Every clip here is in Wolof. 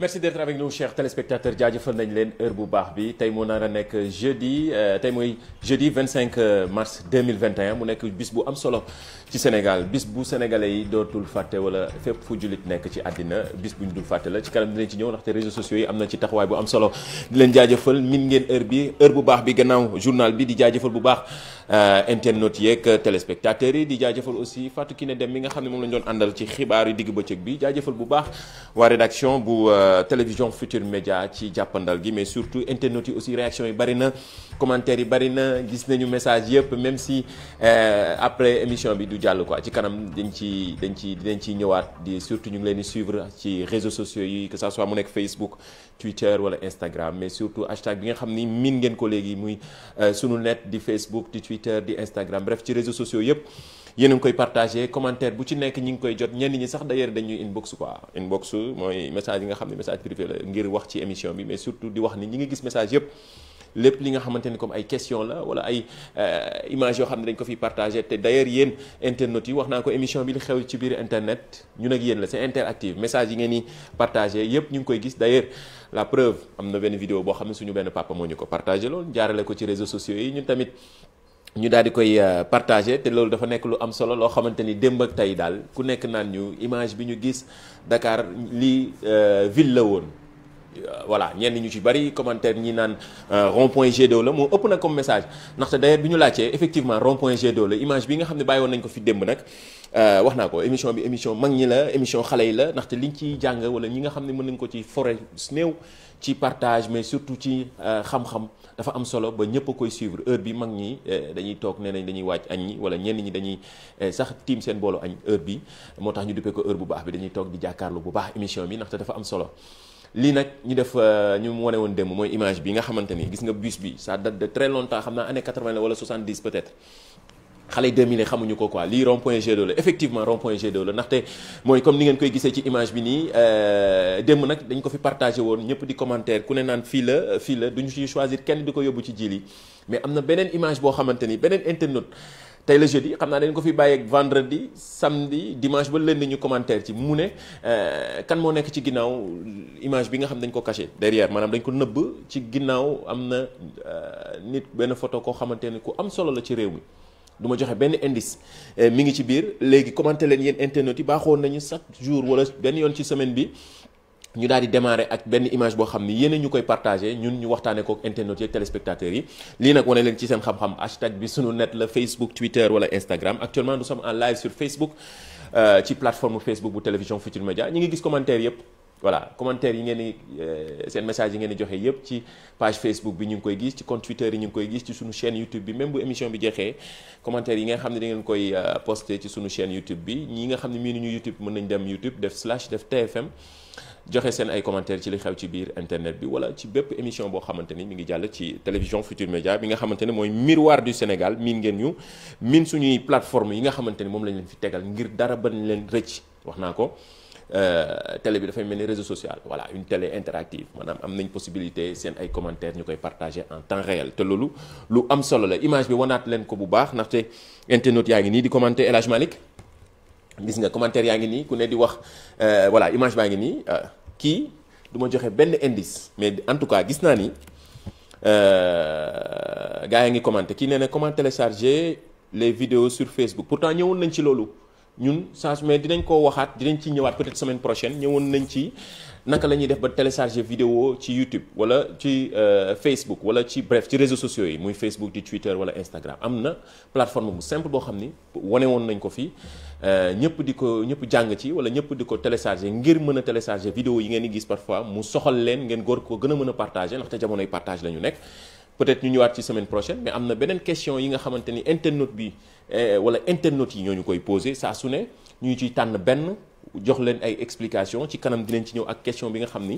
merci d'être avec nous chers téléspectateurs jaajëfal nañ leen heure bu baax bi tey moo nar a nekk jeudi euh, tey mooy jeudi 25 euh, mars 2021 mu nekk bis bu am solo ci Sénégal bis bu sénégalais yi dootul fàtte wala fépp fu jullit nekk ci àddina bis bu ñu dul fàtte la ci kanam dinañ ci ñëw ndaxte réseaux sociaux yi am na ci taxawaay bu am solo di leen jaajëfal min ngeen heure bi heure bu baax bi gannaaw journal bi di jaajëfal bu baax Euh, internautes yeeg euh, téléspectateurs yi di jaajëfal aussi Fatou Kiné Dem mi nga xam ne moom lañ doon àndal ci xibaar yu digg bëccëg bi jaajëfal bu baax waa rédaction bu euh, télévision Futur Média ci jàppandal gi mais surtout internautes yi aussi réaction yi bari na commentaires yi bari na gis nañu message yëpp même si après émission bi du jàll quoi ci kanam dañ ci dañ ci dañ ciy ñëwaat di surtout ñu ngi leen di suivre ci réseaux sociaux yi que ça soit mu nekk Facebook Twitter wala Instagram mais surtout hashtag bi nga xam ni miin ngeen ko léegi muy sunu net di Facebook di Twitter di Instagram bref ci réseaux sociaux yëpp yéen a ngi koy partagé commentaire bu ci nekk ñi ngi koy jot ñenn ñi sax d'ailleurs dañuy inbox quoi inbox mooy message yi nga xam ne message privé la ngir wax ci émission bi mais surtout di wax ni ñi ngi gis message yëpp lépp li nga xamante ni comme ay question la wala ay euh, image yoo xam ne dañ ko fi partagé te d'ailleurs yéen internautes yi wax naa ko émission bi li xew ci biir internet ñun ak yéen la c'est interactive message yi ngeen di partagé yépp ñu ngi koy gis d'ailleurs la preuve am na benn boo xam ne benn papa moo ñu ko partagé loolu jaarale ko ci réseaux sociaux yi ñun tamit ñu daal di koy euh, partagé te loolu dafa nekk lu am solo loo xamante ni démb ak tey daal ku nekk naan ñu image bi ñu gis dakaar lii euh, ville la woon euh, voilà ñenn ñu ci bari commentaire ñi naan rond point G2 la moo ëpp na comme message ndaxte d'ailleurs bi ñu laajtee effectivement rond point G2 image bi nga xam ne bàyyi woon nañ ko fi démb nag wax naa ko émission bi émission mag ñi la émission xale yi la ndaxte liñ ci jàng wala ñi nga xam ne mën nañ ko ci forêt néew ci partage mais surtout ci xam dafa am solo ba ñëpp koy suivre heure bi mag ñi eh, dañuy toog nee nañ dañuy wàcc añ ñi wala ñenn ñi dañuy eh, sax tiim seen boolu añ heure bi moo tax ñu duppee ko heure bu baax bi dañuy toog di jàkkaarlu bu baax émission bi ndaxte dafa am solo li nag ñu def eh, ñu wane woon dem mooy image bi nga xamante ni gis nga bus bi ça date de très longtemps xam naa année 80 la wala 70 peut-être xale yi 2000 xamuñu ko quoi lii rond point G2 la effectivement rond point G2 la ndaxte mooy comme ni ngeen koy gisee ci image bi nii euh, démb nag dañ ko fi partagé woon ñëpp di commentaire ku ne naan fii la fii la duñu ci choisir kenn di ko yóbbu ci jili mais am na beneen image boo xamante ni beneen internaute tey la jeudi xam naa dañ ko fi bàyyeeg vendredi samedi dimanche ba lundi ñu commentaire ci mu ne euh, kan moo nekk ci ginnaaw image bi nga xam dañ ko caché derrière maanaam dañ ko nëbb ci ginnaaw am na euh, nit benn photo koo xamante ne ku am solo la ci réew mi. duma joxe benn indice eh, mu ngi ci biir léegi commenté leen yéen internet yi baaxoon nañu chaque jour wala benn yoon ci semaine bi ñu daal di démarrer ak benn image boo xam ni yéen ñu koy partagé ñun ñu waxtaanee ko ak internet yi ak téléspectateurs yi lii nag wane leen ci seen xam-xam hashtag bi sunu net la Facebook Twitter wala Instagram actuellement nous sommes en live sur Facebook euh, ci plateforme Facebook bu télévision Futur Média ñu ngi gis commentaire yëpp. voilà commentaire yi ngeen di euh, seen message yi ngeen di joxe yëpp ci page Facebook bi ñu ngi koy gis ci compte yi ñu ngi koy gis ci sunu chaîne YouTube bi même bi jeexee commentaire yi nga xam ne dangeen ngeen koy euh, posté ci sunu chaîne YouTube bi ñi nga xam ne miinu ñu YouTube mën nañ dem YouTube def slash def TFM joxe seen ay commentaire ci li xew ci biir internet bi wala ci bépp émission boo xamante ni mi ngi jàll ci télévision Futur Média bi nga xamante ne mooy miroir du Sénégal miin ngeen ñu miin suñuy plateforme yi nga xamante ni moom lañ leen fi tegal ngir dara bañ leen rëcc wax naa ko. Euh, télé bi dafay mel ni réseau social wala une télé interactive maanaam am nañ possibilité seen ay commentaires ñu koy partager en temps réel te loolu lu am solo la image bi wanaat leen ko bu baax ndaxte internet yaa ngi nii di commenter El Hadj gis nga commentaire yaa ngi nii ku ne di wax euh, voilà image baa ngi nii euh, kii du ma joxe benn indice mais en tout cas gis naa ni gars yaa ngi commenter kii nee na comment télécharger le vidéos sur Facebook pourtant ñëwoon nañ ci loolu. ñun changement dinañ ko waxaat dinañ ci ñëwaat peut-être semaine prochaine ñëwoon nañ ci naka la ñuy def ba télécharger video ci YouTube wala ci euh, Facebook wala ci bref ci réseaux sociaux yi muy Facebook di Twitter wala Instagram am na plateforme bu simple boo xam ni wane woon nañ ko fii euh, ñëpp di ko ñëpp jàng ci wala ñëpp di ko télécharger ngir mën a télécharger vidéo yi ngeen di gis parfois mu soxal leen ngeen góor ko gën a mën a partager ndaxte jamonoy partage la ñu nekk peut-être ñu ñëwaat ci semaine prochaine mais am na beneen question yi nga xamante ni internaute bi eh, wala internautes yi ñoo ñu koy posé saa su ne ñu ciy tànn benn jox leen ay explication ci kanam di dinañ ci ñëw ak question bi nga xam ni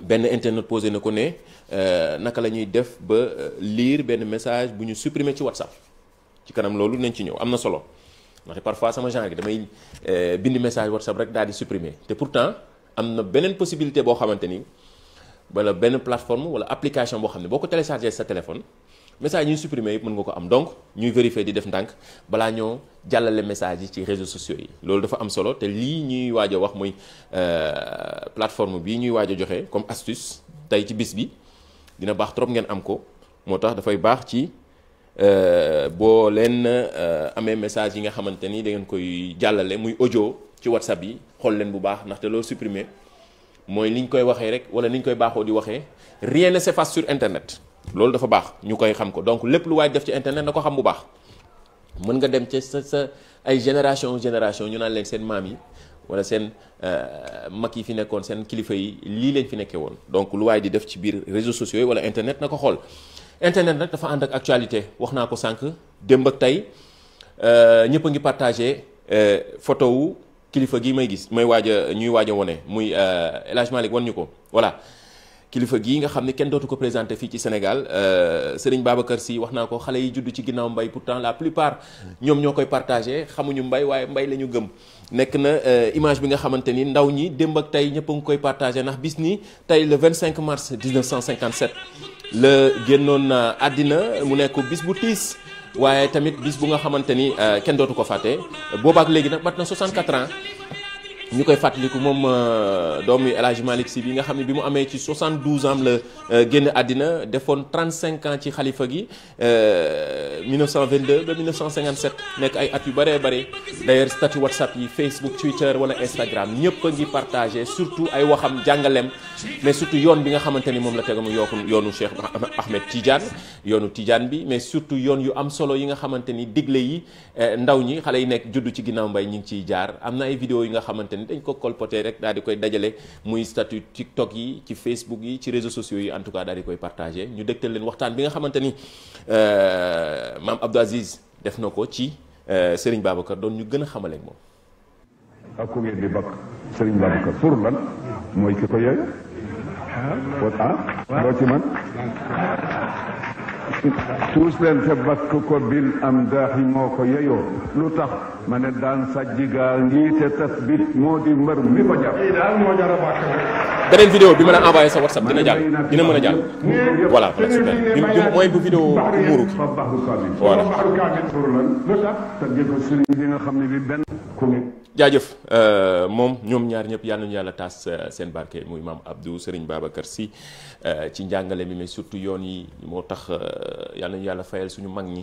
benn internaute posé na ko ne eh, naka la ñuy def ba eh, liir benn message bu ñu supprimer ci WhatsApp ci kanam loolu nañ ci ñëw am na solo ndaxte parfois sama genre gi damay bind message WhatsApp rek daal di supprimer te pourtant am na beneen possibilité boo xamante ni. wala benn plateforme wala application boo xam ne boo ko téléchargé sa téléphone message yi ñuy supprimer yëpp mën nga ko am donc ñuy vérifier di def ndànk balaa ñoo jàllale message yi ci réseaux sociaux yi loolu dafa am solo te lii ñuy waaj a wax mooy euh, plateforme bii ñuy waaj a joxe comme astuce tey ci bis bi dina baax trop ngeen am ko moo tax dafay baax ci euh, boo leen euh, amee message yi nga xamante ni da ngeen koy jàllale muy audio ci WhatsApp yi xool leen bu baax ndaxte loo supprimer mooy li ñu koy waxee rek wala ni ñu koy baaxoo di waxee rien ne s'efface sur internet loolu dafa baax ñu koy xam ko donc lépp lu waay def ci internet na ko xam bu baax mën nga dem ci sa sa ay génération génération ñu naan leen seen maam yi wala seen euh, mag yi fi nekkoon seen kilifa yi lii leen fi nekkee woon donc lu waaye di def ci biir réseaux sociaux yi wala internet na ko xool internet nag dafa ànd ak actualité wax naa ko sànq démb ak tey euh, ñëpp a ngi partagé euh, photo wu kilifa gii may gis may waaja a ñuy waaj wone muy euh, El Hadj Malick wan ñu ko voilà kilifa gii nga xam ne kenn dootu ko présenté fii ci Sénégal euh, Serigne Babacar Sy wax naa ko xale yi judd ci ginnaaw mbay pourtant la plupart ñoom ñoo koy partagé xamuñu mbay waaye mbay la ñu gëm nekk na euh, image bi nga xamante ni ndaw ñi démb ak tey ñëpp a ngi koy partagé ndax bis ni tey le 25 mars 1957 la génnoon àddina mu nekk bis bu tiis waaye tamit bis bu nga xamante ni euh, kenn dootu ko fàtte ak léegi nag mat na 64 ans ñu koy fàttaliku moom euh, doom El Hadj Malick Sy bi nga xam ne bi mu amee ci 72 ans la euh, génn àddina defoon 35 ans ci xalifa gi 1922 euh, ba 1957 nekk ay at yu bëree bëri d'ailleurs statut WhatsApp yi Facebook Twitter wala Instagram ñëpp a ngi partagé surtout ay waxam jàngaleem mais surtout yoon bi nga xamante ni moom la tegamu yooku yoonu Cheikh Ahmed Tidiane yoonu Tidiane bi mais surtout yoon yu am solo yi nga xamante ni digle yi ndaw ñi xale yi nekk juddu ci ginnaaw mbay ñu ngi ciy jaar am na ay vidéo yi nga xamante ni dañ ko colporté rek daal di koy dajale muy statut TikTok yi ci Facebook yi ci réseaux sociaux yi en tout cas daal di koy partagé ñu dégtal leen waxtaan bi nga xamante ni euh, maam Abdou Aziz def na ko ci euh, Serigne Babacar doon ñu gën a xamale ak moom. ak ku ngeen di bakk Serigne Babacar pour lan mooy ki ko yooyu. ah ci man tuus leen te bakk ko moo ko yeyoo lu tax ma ne daan sajji gaa ngi te moo di mbër mi ko jàpp beneen vidéo bi mën a envoyé sa whatsapp dina jàll dina mën a jàll voilà mooy bu vidéo muuru xam ne bi benn ku jaajëf euh, moom ñoom ñaar ñëpp yal ñu yàlla taas euh, seen barke muy maam Abdou Serigne Babacar Sy euh, ci njàngale mi may surtout yoon yi moo tax yàlla ñu yàlla fayal suñu mag ñi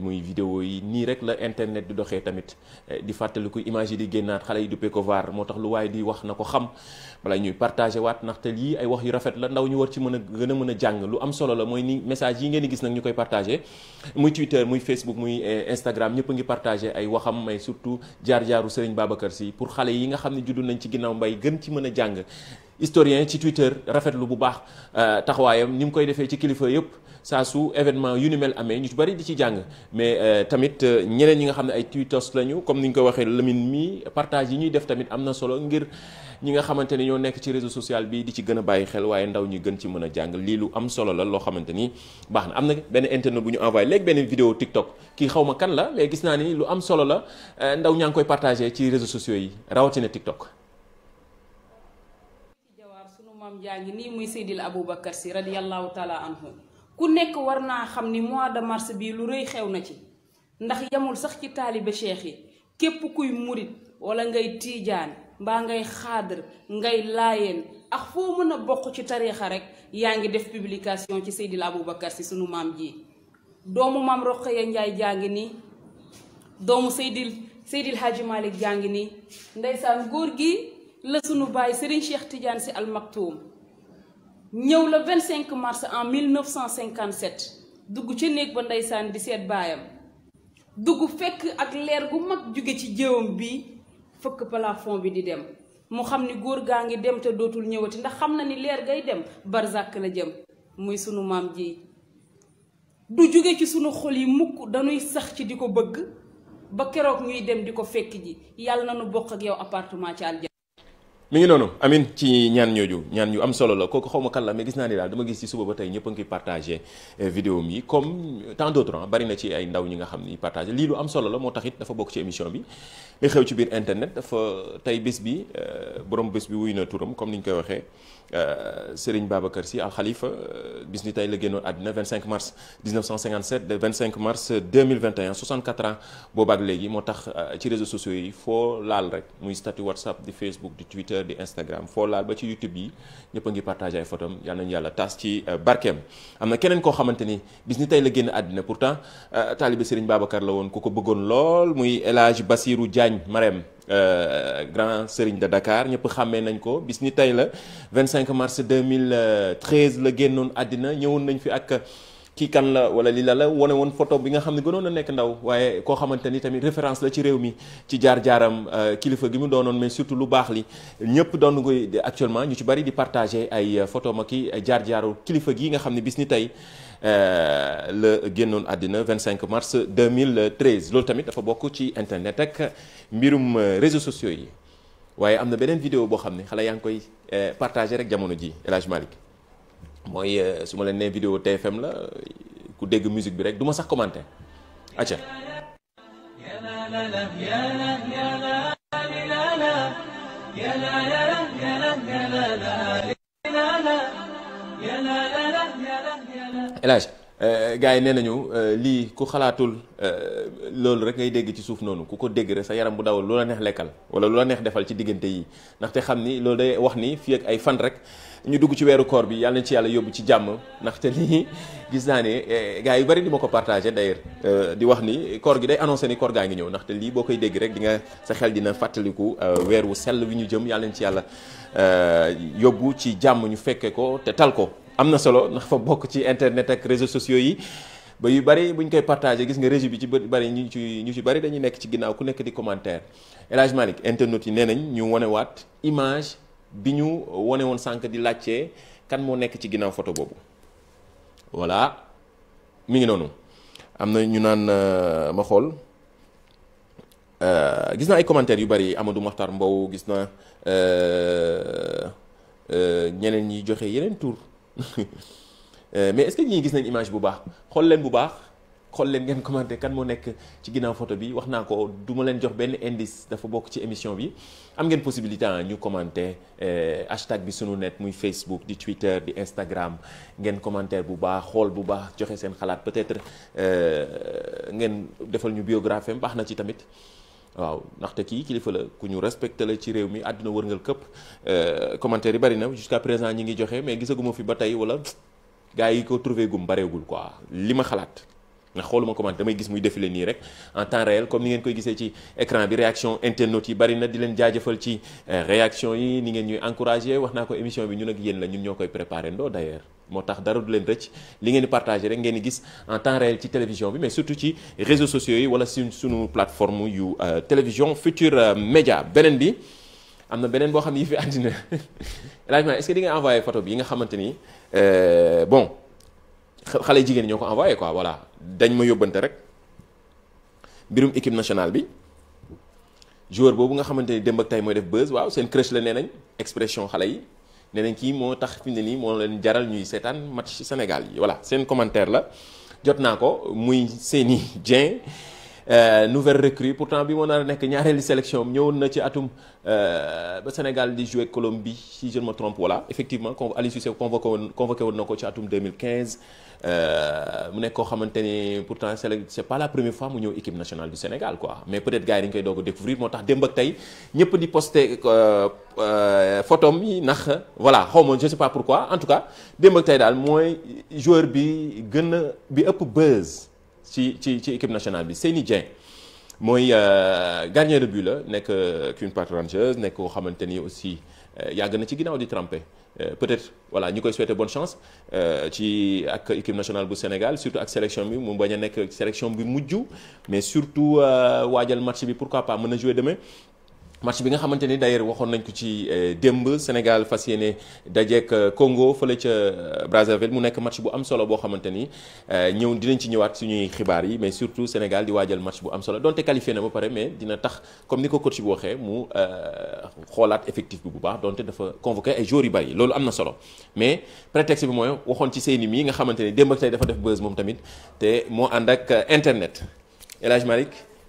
muy vidéo yi nii rek la internet di doxee tamit di fàttaliku image yi di génnaat xale yi du Pekovar moo tax lu waaye di wax na ko xam bala ñuy partagé waat ndaxte lii ay wax yu rafet la ndaw ñu war ci mën a gën a mën a jàng lu am solo la mooy nii message yi ngeen di gis nag ñu koy partagé muy Twitter muy Facebook muy ñëpp ngi partagé ay waxam mais surtout jaar-jaaru Babacar sii pour xale yi nga xam ne juddu nañ ci ginnaaw mbay gën ci mën a jàng historien ci Twitter rafetlu bu baax euh, taxawaayam ni mu koy defee ci kilifa yëpp saa su événement yu ni mel amee ñu ci bëri di ci jàng mais euh, tamit euh, ñeneen ñi nga xam ne ay tweetos lañu comme ni ñu ko waxee Lamine mi partage yi ñuy def tamit am na solo ngir ñi nga xamante ni ñoo nekk ci réseau social bi di ci gën a bàyyi xel waaye ndaw ñi gën ci mën a jàng lii lu am solo la loo xamante ni baax na am na benn internet bu ñu envoyé léegi benn vidéo TikTok kii xaw ma kan la gis naa ni lu am solo la ndaw ñaa koy partagé ci réseaux yi rawatina TikTok. doomam jaa ngi nii muy Seydil Aboubacar si radiyallahu taala anhu ku nekk war naa xam ni mois de mars bii lu rëy xew na ci ndax yamul sax ci taalibe cheikh yi képp kuy murit wala ngay tiijaan baa ngay xaadar ngay laayeen ak foo mën a bokk ci tariixa rek yaa ngi def publication ci Seydil Aboubacar si sunu maam ji doomu maam Roqaya Njaay jaa ngi nii doomu Seydil Seydil jaa ngi nii ndeysaan góor gi la sunu baay Serigne Cheikh Tidiane Sy Al Maktoum ñëw la 25 mars en 1957 dugg ca néeg ba ndeysaan di seet baayam dugg fekk ak leer gu mag jóge ci jëwam bi fëkk plafond bi di dem mu xam ni góor gaa ngi dem te dootul ñëwati ndax xam na ni leer gay dem barzak la jëm muy sunu maam ji du jóge ci sunu xol yi mukk dañuy sax ci di ko bëgg ba keroog ñuy dem di ko fekk ji yàlla na nu bokk ak yow appartement ci àljana mi ngi noonu amin ci ñaan ñooñu ñaan ñu am solo la kooku xaw ma kan la mais gis naa ni daal dama gis ci suba ba tey ñëpp a ngi partagé eh, vidéo comme tant d'autres ah, bari na ci ay ndaw ñi nga xam ni partagé lii lu am solo la moo tax it dafa bokk ci émission bi li xew ci biir internet dafa tey bés bi eh, borom bés bi wuy na turam comme ni ñu koy waxee Euh, Serigne Babacar si al Khalifa euh, bis ni tey la génnoon àddina 25 mars 1957 de 25 mars 2021 64 ans boobaak léegi moo tax euh, ci réseaux sociaux yi foo laal rek muy statut WhatsApp di Facebook di Twitter di Instagram foo laal ba ci YouTube yi ñëpp a ngi partagé ay photom yal nañu yàlla tas ci barkeem am na keneen koo xamante ni bis ni tey la génn àddina pourtant taalibe Serigne Babacar la woon ku ko bëggoon lool muy El Hadj Basirou Diagne Marème Euh, grand sëriñ de Dakar ñëpp xàmmee nañ ko bis ni tey la 25 mars 2013 la génnoon àddina ñëwoon nañ fi ak. kii kan la wala lii la la wane woon photo bi nga xam ne gënoon a nekk ndaw waaye koo xamante ni tamit référence la ci réew mi ci jaar-jaaram euh, kilifa gi mu doonoon mais surtout lu baax li ñëpp doon koy actuellement ñu ci bari di partager ay euh, photo ma ki jaar-jaaru kilifa gi nga xam ne bis ni tey euh, la génnoon àddina 25 mars 2013 loolu tamit dafa bokk ci internet rek mbirum réseaux sociaux yi waaye am na beneen vidéo boo xam ne xale yaa ngi koy partager rek jamono ji El Hadj mooy euh, su ma leen nee vidéo TFM la ku dégg musique bi rek du ma sax commenter acca elage euh, gars yi nee nañu euh, lii ku xalaatul loolu rek ngay dégg ci suuf noonu ku ko dégg rek sa yaram bu dawal lu la neex lekkal wala lu la neex defal ci diggante yi ndaxte xam ni loolu day wax nii fii ak ay fan rek ñu dugg ci weeru koor bi yàlla nañ ci yàlla yóbbu ci jàmm ndaxte lii gis naa ne eh, gars yi bëri di ma ko partagé d'ailleurs euh, di wax ni koor gi day annoncé ni koor gaa ngi ñëw ndax te lii boo koy dégg rek di nga sa xel dina fàttaliku euh, weer wu sell wi ñu jëm yàlla nañ ci yàlla euh, yóbbu ci jàmm ñu fekkee ko te tal ko am na solo ndax fa bokk ci internet ak réseaux sociaux yi ba yu bari bu ñu koy partagé gis nga régie bi ci bari ñu ci ñu ci bëri dañuy nekk ci ginnaaw ku nekk di commentaire El Hadj yi nee nañ ñu wanewaat image bi ñu wone woon sànq di laajte kan moo nekk ci ginnaaw photo boobu voilà mi ngi noonu am na ñu naan euh, ma xool euh, gis naa ay commentaires yu bari amadu Mokhtar Mbow gis naa euh, ñeneen ñi joxe yeneen tour mais est-ce gis nañ image bu baax xool leen bu baax. xool leen ngeen commenté kan moo nekk ci ginnaaw photo bi wax naa ko duma leen jox benn indice dafa bokk ci émission bi am ngeen possibilité ah ñu commenté eh, hashtag bi sunu net muy Facebook di Twitter di Instagram ngeen commentaire bu baax xool bu baax joxe seen xalaat peut-être eh, ngeen defal ñu biographie baax na ci tamit waaw ndaxte kii kilifa la ku ñu respecté la ci réew mi àdduna wërngal këpp eh, commentaire yi bari na jusqu'à présent ñi ngi joxe mais gisaguma fi ba tey wala gars yi ko trouvé gum bareegul quoi li ma xalaat. ndax xooluma comment damay gis muy défilé nii rek en temps réel comme ni ngeen koy gisee ci écran bi réaction internautes yi bari na di leen jaajëfal ci euh, réaction yi ni ngeen ñuy encouragé wax naa ko émission bi ñu nag yéen la ñun ñoo koy préparé ndoo d'ailleurs moo tax dara du leen rëcc li ngeen di partagé rek ngeen gis en temps réel ci télévision bi mais surtout ci réseaux sociaux yi wala suñ suñu plateforme yu euh, télévision Futurs euh, Médias beneen bi am na beneen boo xam ne yi fi àddina laaj ma est-ce que di nga envoyé photo yi nga xamante ni bon xale jigéen ñoo ko envoyé quoi voilà dañ ma yóbbante rek mbirum équipe nationale bi joueur boobu nga xamante ni démb ak tey mooy def buzz waaw seen crush la nee nañ expression xale yi nee nañ kii moo tax fi ne nii moo leen jaral ñuy seetaan match Sénégal yi voilà seen commentaire la jot naa ko muy seeni Dieng Euh, nouvelle recrue pourtant bi moo nar a nekk ñaareelu sélection ñëwoon na ci atum euh, ba Sénégal di jouer Colombie si je ne me trompe effectivement con Aliou Cissé convoqué woon convoqué woon euh, mu koo xamante ni pourtant c'est pas la première fois mu ñëw équipe nationale du Sénégal quoi mais peut-être gars yi dañ koy doog a découvrir moo tax démb ak tey ñëpp di posté photo mi ndax voilà xaw ma je sais pas pourquoi en tout cas démb ak tey daal mooy joueur bi gën a bi ëpp buzz. ci ci ci équipe nationale bi Seny Dieng mooy euh, gardien de but la nekk euh, Queen Park Rangers nekk koo xamante ni aussi euh, yàgg na ci ginnaaw di trempé peut-être voilà ñu koy souhaiter bonne chance ci ak équipe nationale bu Sénégal surtout ak sélection bi mu bañ a nekk sélection bi mujj mais surtout waajal match bi pourquoi pas mën a jouer demain match bi nga xamante ni d'ailleurs waxoon nañ ko ci euh, démb Sénégal fas yéene dajeek euh, Congo fële ca euh, Brazzaville mu nekk match bu am solo boo xamante ni ñëw dinañ ci ñëwaat suñuy xibaar yi mais surtout Sénégal di waajal match bu am solo donte qualifié na ba pare mais dina tax comme ni ko coach bi waxee mu xoolaat effectif bi bu baax donte dafa convoqué ay joueurs yu bari loolu am na solo mais prétexte bi mooy waxoon ci Seyni mii nga xamante ni démb ak tey dafa def buzz moom tamit te moo ànd ak internet El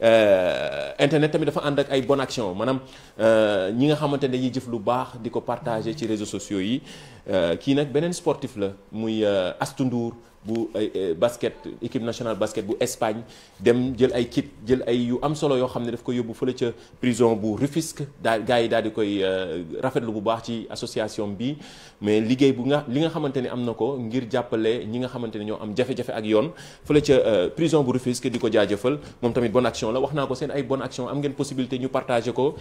Euh, internet tamit dafa ànd ak ay bonne action maanaam euh, ñi nga xamante ne dañuy jëf lu baax di ko partager ci réseaux sociaux yi Euh, kii nag beneen sportif la muy euh, Astou Ndour bu euh, basket équipe nationale basket bu Espagne dem jël ay kit jël ay yu am solo yoo xam ne daf ko yóbbu fële ca prison bu Rufisque daa gaa yi daal di koy rafet rafetlu bu baax ci association bi mais liggéey bu nga li nga xamante ne am na ko ngir jàppale ñi nga xamante ne ñoo am jafe-jafe ak yoon fële ca prison bu Rufisque di ko jaajëfal moom tamit bonne action la wax naa ko seen ay bonne action am ngeen possibilité ñu partager ko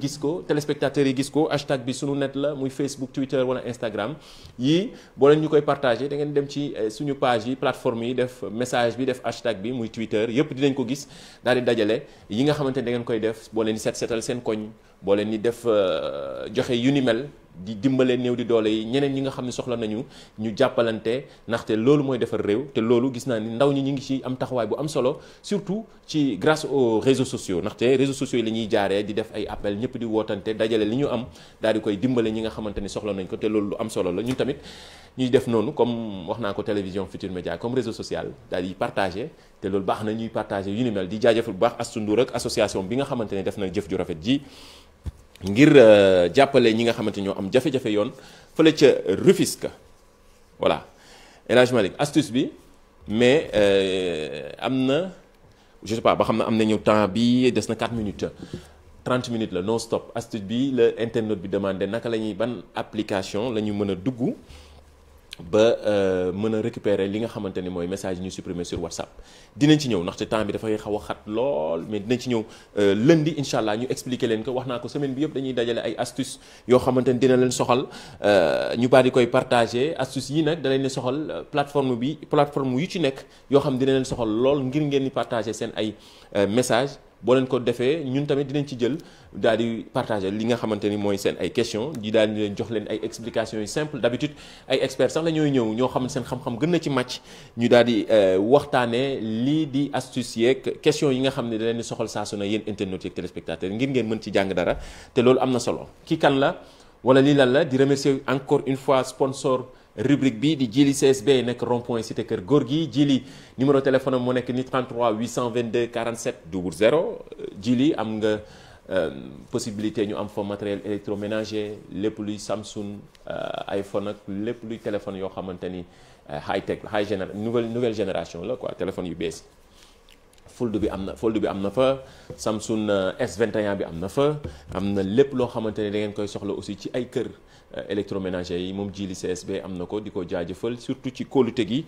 gis ko téléspectateurs yi gis ko hashtag bi sunu net la muy Facebook Twitter wala Instagram yii boo leen ñu koy partagé da ngeen dem ci eh, suñu page yi plateforme yi def message bi def hashtag bi muy Twitter yëpp dinañ ko gis daal di dajale yi nga xamante ne ngeen koy def boo leen di set setal seen koñ boo leen ni def euh, joxe yu ni mel di dimbale néew di doole yi ñeneen ñi nga xam ne soxla nañu ñu jàppalante ndaxte loolu mooy defar réew te loolu gis naa ni ndaw ñi ñu ngi ci am taxawaay bu am solo surtout ci grâce aux réseaux sociaux ndaxte réseaux sociaux yi la ñuy jaaree di def ay appel ñëpp di wootante dajale li ñu am daal di koy dimbale ñi nga xamante ni soxla nañ ko te loolu lu am solo la ñun tamit ñuy def noonu comme wax naa ko télévision Futur Média comme réseau social daal loolu baax na ñuy partager yu ni mel di jaajëfal bu baax Astou association bi xamante ne def na jëf ju rafet ji ngir euh, jàppale ñi nga xamante ñoo am jafe-jafe yoon fële ca Rufisque voilà El Hadj astuce bi mais euh, am na je sais pas ba xam na am nañu temps bi des na 4 minutes 30 minutes la non stop astuce bi la internet bi demandé naka la ñuy ban application la ñu mën a dugg ba euh, mën a récupérer li nga xamante ni mooy message yi ñu supprimer sur WhatsApp dinañ ci ñëw ndaxte temps bi dafay xaw a xat lool mais dinañ ci ñëw euh, lundi incha allah ñu expliquer leen ko wax naa ko semaine bi yëpp dañuy dajale ay astuces yoo xamante ni dina leen soxal euh, ñu bari koy partager astuces yi nag da leen soxal plateforme bi plateforme yu ci nekk yoo xam dina leen soxal lool ngir ngeen di partager seen ay message boo leen ko defee ñun tamit dinañ ci jël daal di partager li nga xamante ni mooy seen ay questions di daal leen jox leen ay explication yu simple d'habitude ay experts sax la ñooy ñëw ñoo xam ne seen xam-xam gën na ci màcc ñu daal di euh, waxtaanee lii di astuce yeeg questions yi nga xam ne da leen soxal saa su ne yéen internautes yeeg téléspectateurs ngir ngeen mën ci jàng dara te loolu am na solo kii kan la wala lii lan la di remercier encore une fois sponsor. rubrique bi di jili CSB nekk rond point cité kër góor gi jili numéro téléphone am mu nekk ni 33 822 47 00 jili am nga euh, possibilité ñu am fa matériel électroménager lépp luy Samsung euh, iPhone ak lépp luy téléphone yoo xamante ni euh, high tech high géné nouvelle nouvelle génération la quoi téléphone yu bees fold bi am na fold bi am na fa Samsung S21 bi am na fa am na lépp loo xamante ni da ngeen koy soxla aussi ci ay kër. Euh, électroménager yi moom jili CSB am na ko di ko jaajëfal surtout ci kóolute gi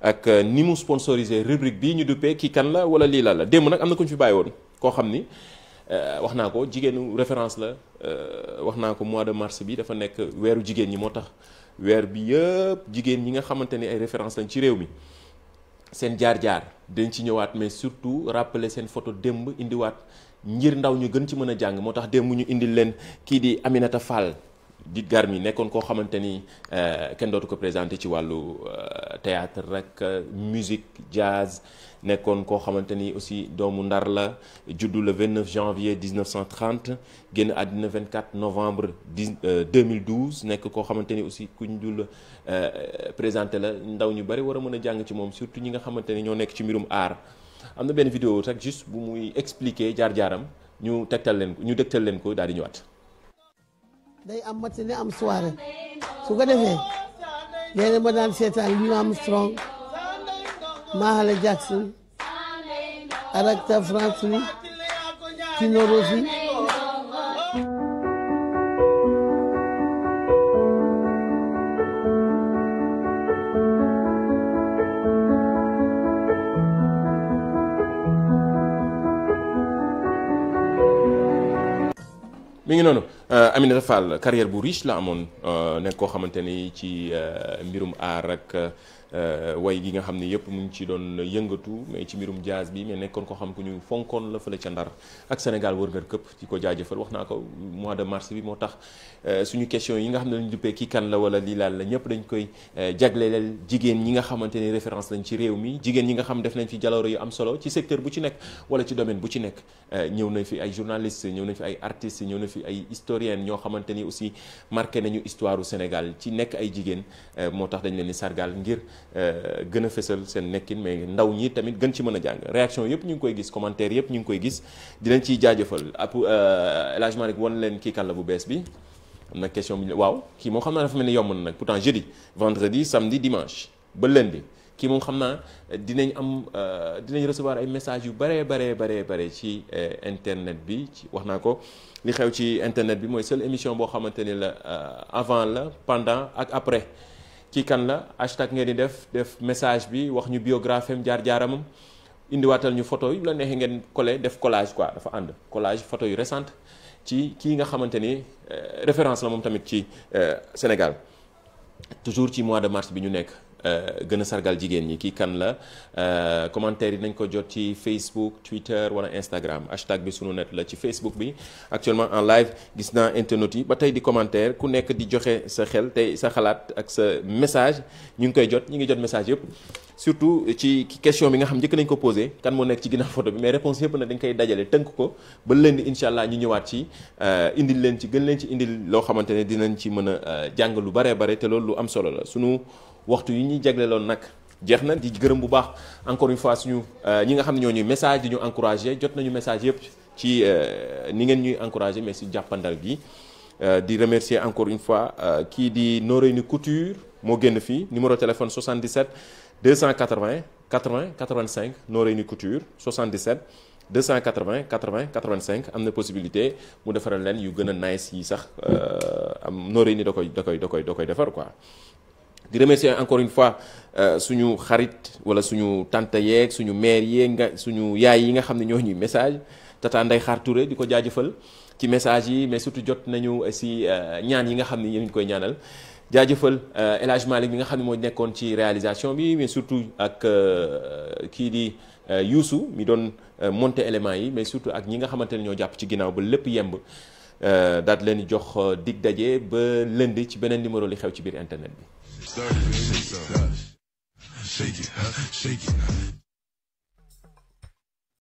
ak euh, ni mu sponsorisé rubrique bii ñu duppee kii kan la wala lii la la démb nag am na ko ñu fi bàyyi woon koo xam ni euh, wax naa ko jigéenu référence la wax naa ko mois de mars bi dafa nekk weeru jigéen ñi moo tax weer bi yëpp jigéen ñi nga xamante ni ay référence lañ ci réew mi seen jaar-jaar dañ ci ñëwaat mais surtout rappeler seen photo démb indiwaat ngir ndaw ñu gën ci mën a jàng moo tax démb ñu indil leen kii di Aminata Fall Guy Garmi nekkoon koo xamante ni euh, kenn dootu ko présenté ci wàllu euh, théâtre rek euh, musique jazz nekkoon koo xamante ni aussi doomu ndar la juddu le 29 janvier 1930 génn àddina 24 novembre 2012 nekk koo xamante ni aussi kuñ dul présenté la ndaw ñu bari war a mën a jàng ci moom surtout ñi nga xamante ni ñoo nekk ci mbirum aar am na benn vidéo rek juste bu muy expliquer jaar-jaaram ñu tegtal leen ko ñu dëgtal leen ko daal di ñëwaat. day am matinée am soirée su ko defee léeg-léeg ma daan seetaan Louis Armstrong Mahalia Jackson Aretha Franklin Tino Rossi mi ngi noonu Euh, Aminata Fall carrière bu riche la amoon euh, nekk koo xamante ni ci euh, mbirum aar ak Euh, way gi nga xam ne yëpp mu ngi ci doon yëngatu mais ci mbirum jazz bi mais nekkoon ko xam ku ñu fonkoon la fële ca ndar ak Sénégal wërngal këpp ci ko jaajëfal wax naa ko mois de mars bi moo tax euh, suñu question yi nga xam ne lañu duppee kii kan la wala lii laal la ñëpp dañ koy euh, jagleel jigéen ñi nga xamante ne référence lañ ci réew mi jigéen ñi nga xam def nañ fi jaloore yu am solo ci secteur bu ci nekk wala ci domaine bu ci nekk ñëw nañ fi ay journaliste ñëw nañ fi ay artistes ñëw nañ fi ay historienne ñoo xamante ni aussi marqué nañu histoire Sénégal ci nekk ay jigéen moo tax dañ leen di sargal ngir Euh, gën a fësal seen nekkin mais ndaw ñii tamit gën ci mën a jàng réaction yëpp ñu ngi koy gis commentaire yëpp ñu ngi koy gis di leen ciy jaajëfal ap élagement rek wan leen kii kan la bu bees bi am na question bi waaw kii moom xam naa dafa mel ni yomb na nag pourtant jeudi vendredi samedi dimanche ba bi kii moom xam naa euh, dinañ am euh, dinañ recevoir ay messages yu bare bare bare bare ci internet bi ci wax naa ko li xew ci internet bi mooy seule émission boo xamante ni la avant la pendant ak après kii kan la hashtag ngeen di def def message bi wax ñu biographie am jaar-jaaramam indiwaatal ñu photo yu la neexee ngeen collé def collage quoi dafa ànd collage photo yu récente ci kii nga xamante ni euh, référence la moom tamit ci euh, Sénégal toujours ci mois de mars bi ñu nekk Euh, gën a sargal jigéen ñi kii kan la euh, commentaire yi nañ ko jot ci Facebook Twitter wala Instagram hashtag bi sunu net la ci Facebook bi actuellement en live gis naa internet yi ba tey di commentaire ku nekk di joxe sa xel tey sa xalaat ak sa message ñu ngi koy jot ñu ngi jot message yëpp surtout ci question bi nga xam njëkk nañ ko posé kan moo nekk ci ginnaaw photo bi mais réponse yëpp nag dañ koy dajale tënk ko ba leen di incha allah ñu ñëwaat ci euh, indil leen ci gën leen ci indil loo xamante ne dinañ ci mën a jàng lu baree bare te loolu lu am solo la sunu waxtu yi ñuy jegleeloon nag jeex na di gërëm bu baax encore une fois suñu euh, ñi nga xam ne ñoo ñuy message di ñu encouragé jot nañu message yëpp ci euh, ni ngeen ñuy encouragé mais si jàppandal gi euh, di remercier encore une fois kii di Noreyni Couture moo génn fii numéro téléphone 77 280 80 85 Noreyni Couture 77 280 80 85 am na possibilité mu defaral leen yu gën a nice yi sax am Noreyni da koy da koy da koy da koy defar quoi di remercier encore une fois euh, suñu xarit wala suñu tante yeeg suñu mair yee nga suñu yaay yi nga xam ne ñoo ñuy message tata Ndeye Xaar Touré di ko jaajëfal ci message yi mais surtout jot nañu si euh, ñaan yi nga xam ne ñu koy ñaanal jaajëfal élagement euh, Hadj bi nga xam ne moo nekkoon ci réalisation bi mais surtout ak kii di Youssou mi doon monter éléments yi mais surtout ak ñi nga xamante ne ñoo jàpp ci ginnaaw ba lépp yemb daat leen di jox dig daje ba lënd ci beneen numéro li xew ci biir internet bi. Shake it, shake it.